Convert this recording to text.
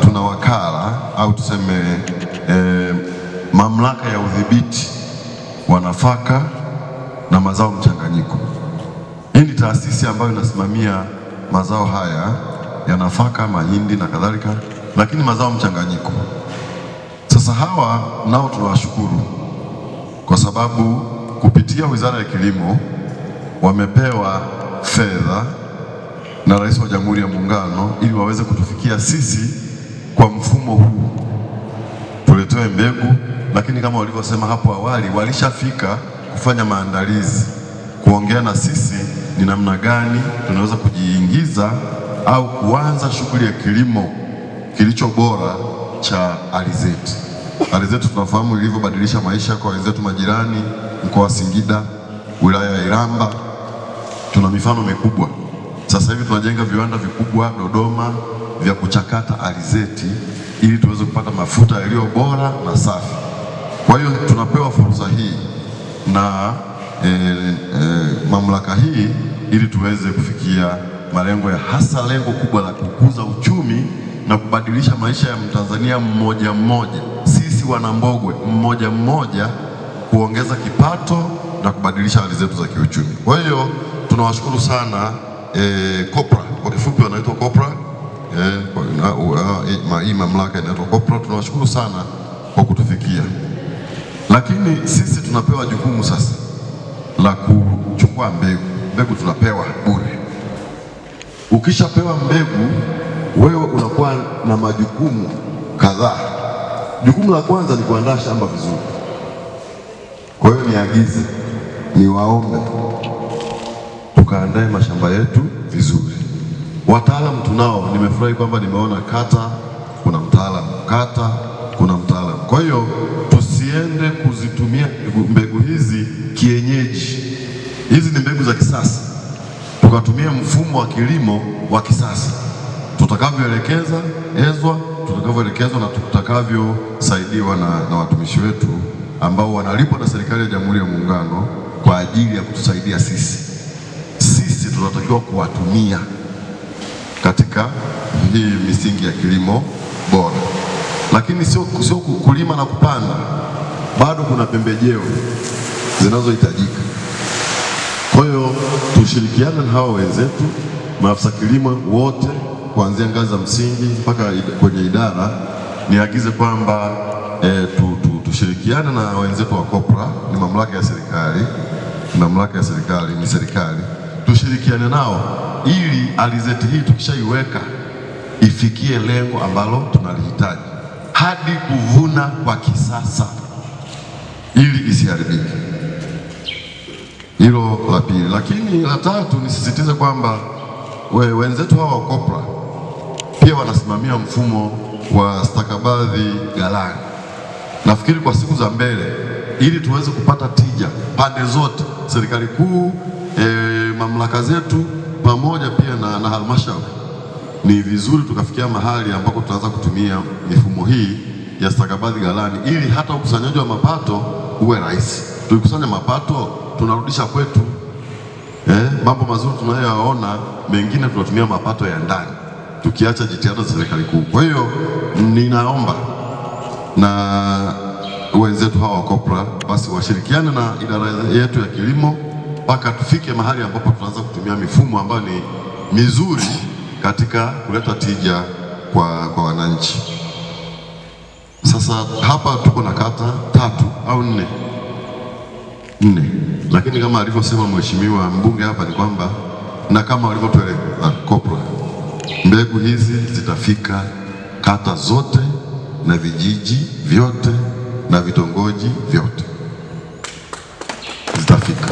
Tuna wakala au tuseme e, mamlaka ya udhibiti wa nafaka na mazao mchanganyiko. Hii ni taasisi ambayo inasimamia mazao haya ya nafaka, mahindi na kadhalika, lakini mazao mchanganyiko. Sasa hawa nao tunawashukuru kwa sababu kupitia Wizara ya Kilimo wamepewa fedha na Rais wa Jamhuri ya Muungano ili waweze kutufikia sisi kwa mfumo huu tuletewe mbegu, lakini kama walivyosema hapo awali, walishafika kufanya maandalizi, kuongea na sisi ni namna gani tunaweza kujiingiza au kuanza shughuli ya kilimo kilicho bora cha alizeti. Alizeti tunafahamu ilivyobadilisha maisha kwa wenzetu majirani, mkoa wa Singida, wilaya ya Iramba, tuna mifano mikubwa. Sasa hivi tunajenga viwanda vikubwa Dodoma vya kuchakata alizeti ili tuweze kupata mafuta yaliyo bora na safi. Kwa hiyo tunapewa fursa hii na e, e, mamlaka hii ili tuweze kufikia malengo ya hasa lengo kubwa la kukuza uchumi na kubadilisha maisha ya Mtanzania mmoja mmoja, sisi Wanambogwe mmoja mmoja, kuongeza kipato na kubadilisha hali zetu za kiuchumi. Kwa hiyo tunawashukuru sana e, eh, kopra kwa kifupi wanaitwa kopra hii eh, mamlaka inaitwa kopra. Tunawashukuru sana kwa kutufikia, lakini sisi tunapewa jukumu sasa la kuchukua mbegu. Mbegu tunapewa bure. Ukishapewa mbegu, wewe unakuwa na majukumu kadhaa. Jukumu la kwanza ni kuandaa shamba vizuri. Kwa hiyo niagize, niwaombe tukaandae mashamba yetu vizuri. Wataalam tunao, nimefurahi kwamba nimeona kata kuna mtaalam, kata kuna mtaalam. Kwa hiyo tusiende kuzitumia mbegu hizi kienyeji, hizi ni mbegu za kisasa, tukatumia mfumo wa kilimo wa kisasa tutakavyoelekeza ezwa tutakavyoelekezwa na tutakavyosaidiwa na, na watumishi wetu ambao wanalipwa na serikali ya Jamhuri ya Muungano kwa ajili ya kutusaidia sisi tunatakiwa kuwatumia katika hii misingi ya kilimo bora, lakini sio sio kulima na kupanda. Bado kuna pembejeo zinazohitajika. Kwa hiyo tushirikiane na hawa wenzetu maafisa kilimo wote, kuanzia ngazi za msingi mpaka kwenye idara. Niagize kwamba e, eh, tushirikiane tu, tushirikiane na wenzetu wa COPRA. Ni mamlaka ya serikali, mamlaka ya serikali ni serikali tushirikiane nao ili alizeti hii tukishaiweka ifikie lengo ambalo tunalihitaji hadi kuvuna kwa kisasa ili isiharibike. Hilo la pili, lakini la tatu nisisitize kwamba we, wenzetu hawa wa kopra pia wanasimamia mfumo wa stakabadhi ghalani. Nafikiri kwa siku za mbele, ili tuweze kupata tija pande zote, serikali kuu e, mamlaka zetu pamoja pia na, na halmashauri, ni vizuri tukafikia mahali ambako tutaanza kutumia mifumo hii ya stakabadhi ghalani ili hata ukusanyaji wa mapato uwe rahisi. Tukikusanya mapato tunarudisha kwetu. Eh, mambo mazuri tunayoyaona mengine tunatumia mapato ya ndani tukiacha jitihada za serikali kuu. Kwa hiyo ninaomba na wenzetu hawa wa basi washirikiane na idara yetu ya kilimo mpaka tufike mahali ambapo tunaanza kutumia mifumo ambayo ni mizuri katika kuleta tija kwa, kwa wananchi. Sasa hapa tuko na kata tatu au nne nne, lakini kama alivyosema mheshimiwa mbunge hapa ni kwamba na kama walivyotueleza ah, kopra, mbegu hizi zitafika kata zote na vijiji vyote na vitongoji vyote zitafika.